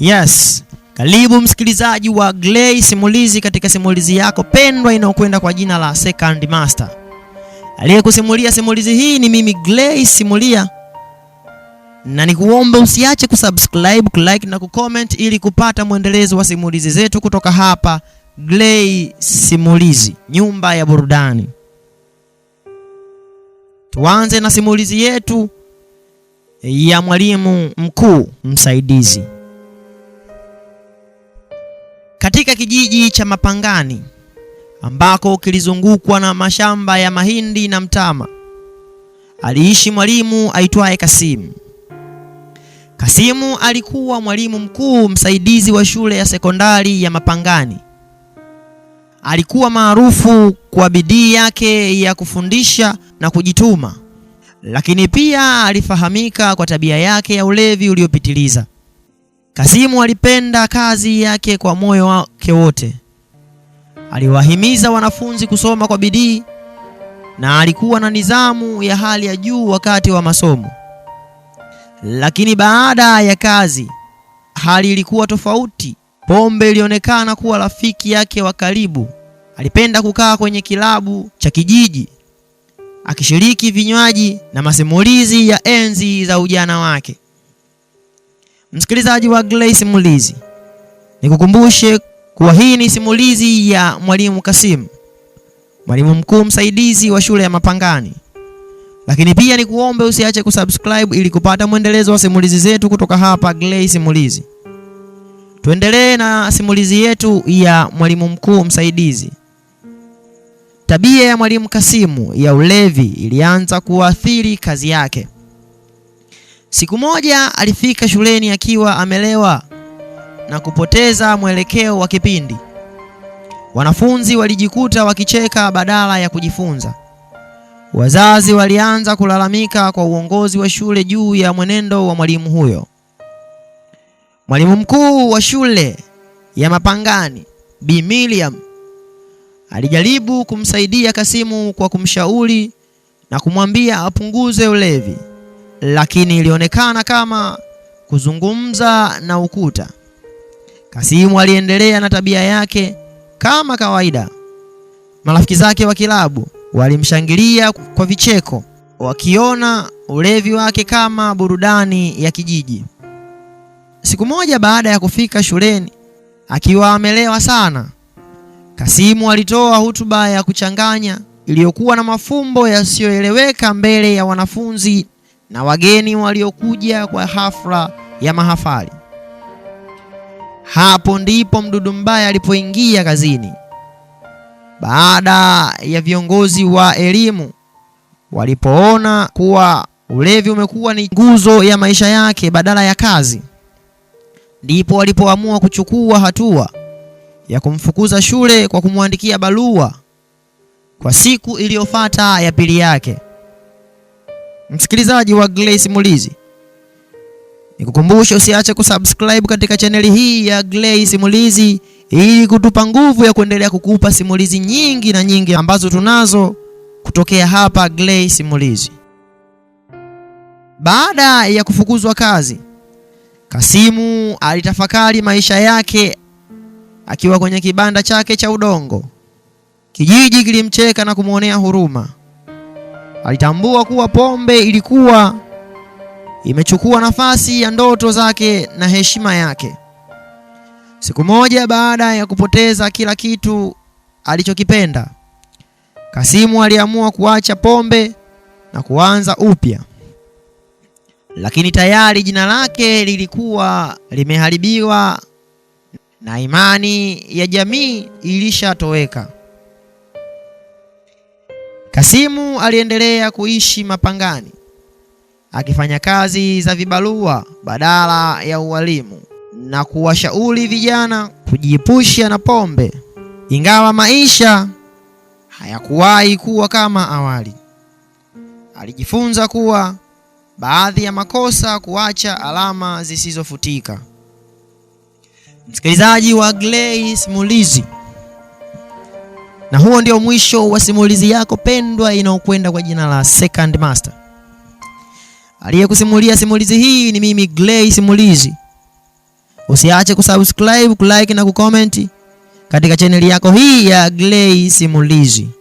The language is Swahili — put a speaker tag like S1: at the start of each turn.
S1: Yes, karibu msikilizaji wa Gray Simulizi katika simulizi yako pendwa inayokwenda kwa jina la Second Master. Aliyekusimulia simulizi hii ni mimi Gray Simulia, na nikuombe usiache kusubscribe, kulike na kucomment ili kupata mwendelezo wa simulizi zetu kutoka hapa Gray Simulizi, nyumba ya burudani. Tuanze na simulizi yetu ya mwalimu mkuu msaidizi. katika kijiji cha Mapangani ambako kilizungukwa na mashamba ya mahindi na mtama, aliishi mwalimu aitwaye Kasimu. Kasimu alikuwa mwalimu mkuu msaidizi wa shule ya sekondari ya Mapangani. Alikuwa maarufu kwa bidii yake ya kufundisha na kujituma, lakini pia alifahamika kwa tabia yake ya ulevi uliopitiliza. Kasimu alipenda kazi yake kwa moyo wake wote. Aliwahimiza wanafunzi kusoma kwa bidii na alikuwa na nidhamu ya hali ya juu wakati wa masomo. Lakini baada ya kazi, hali ilikuwa tofauti. Pombe ilionekana kuwa rafiki yake wa karibu. Alipenda kukaa kwenye kilabu cha kijiji akishiriki vinywaji na masimulizi ya enzi za ujana wake. Msikilizaji wa Gray Simulizi, nikukumbushe kuwa hii ni simulizi ya Mwalimu Kasimu, mwalimu mkuu msaidizi wa shule ya Mapangani. Lakini pia nikuombe usiache kusubscribe ili kupata mwendelezo wa simulizi zetu kutoka hapa Gray Simulizi. Tuendelee na simulizi yetu ya mwalimu mkuu msaidizi. Tabia ya mwalimu Kasimu ya ulevi ilianza kuathiri kazi yake. Siku moja alifika shuleni akiwa amelewa na kupoteza mwelekeo wa kipindi. Wanafunzi walijikuta wakicheka badala ya kujifunza. Wazazi walianza kulalamika kwa uongozi wa shule juu ya mwenendo wa mwalimu huyo. Mwalimu mkuu wa shule ya Mapangani, Bi Miriam, alijaribu kumsaidia Kasimu kwa kumshauri na kumwambia apunguze ulevi lakini ilionekana kama kuzungumza na ukuta. Kasimu aliendelea na tabia yake kama kawaida. Marafiki zake wa kilabu walimshangilia kwa vicheko, wakiona ulevi wake kama burudani ya kijiji. Siku moja baada ya kufika shuleni akiwa amelewa sana, Kasimu alitoa hutuba ya kuchanganya iliyokuwa na mafumbo yasiyoeleweka mbele ya wanafunzi na wageni waliokuja kwa hafla ya mahafali. Hapo ndipo mdudu mbaya alipoingia kazini. Baada ya viongozi wa elimu walipoona kuwa ulevi umekuwa ni nguzo ya maisha yake badala ya kazi, ndipo walipoamua kuchukua hatua ya kumfukuza shule kwa kumwandikia barua kwa siku iliyofuata ya pili yake. Msikilizaji wa Grace Simulizi, nikukumbusha usiache kusubscribe katika chaneli hii ya Grace Simulizi ili kutupa nguvu ya kuendelea kukupa simulizi nyingi na nyingi ambazo tunazo kutokea hapa Grace Simulizi. Baada ya kufukuzwa kazi, Kasimu alitafakari maisha yake akiwa kwenye kibanda chake cha udongo. Kijiji kilimcheka na kumwonea huruma. Alitambua kuwa pombe ilikuwa imechukua nafasi ya ndoto zake na heshima yake. Siku moja baada ya kupoteza kila kitu alichokipenda, Kasimu aliamua kuacha pombe na kuanza upya, lakini tayari jina lake lilikuwa limeharibiwa na imani ya jamii ilishatoweka. Kasimu aliendelea kuishi mapangani akifanya kazi za vibarua badala ya ualimu na kuwashauri vijana kujiepusha na pombe, ingawa maisha hayakuwahi kuwa kama awali. Alijifunza kuwa baadhi ya makosa kuacha alama zisizofutika. Msikilizaji wa Gray Simulizi na huo ndio mwisho wa simulizi yako pendwa inayokwenda kwa jina la Second Master. Aliyekusimulia simulizi hii ni mimi Gray Simulizi. Usiache kusubscribe, kulike na kucomment katika chaneli yako hii ya Gray Simulizi.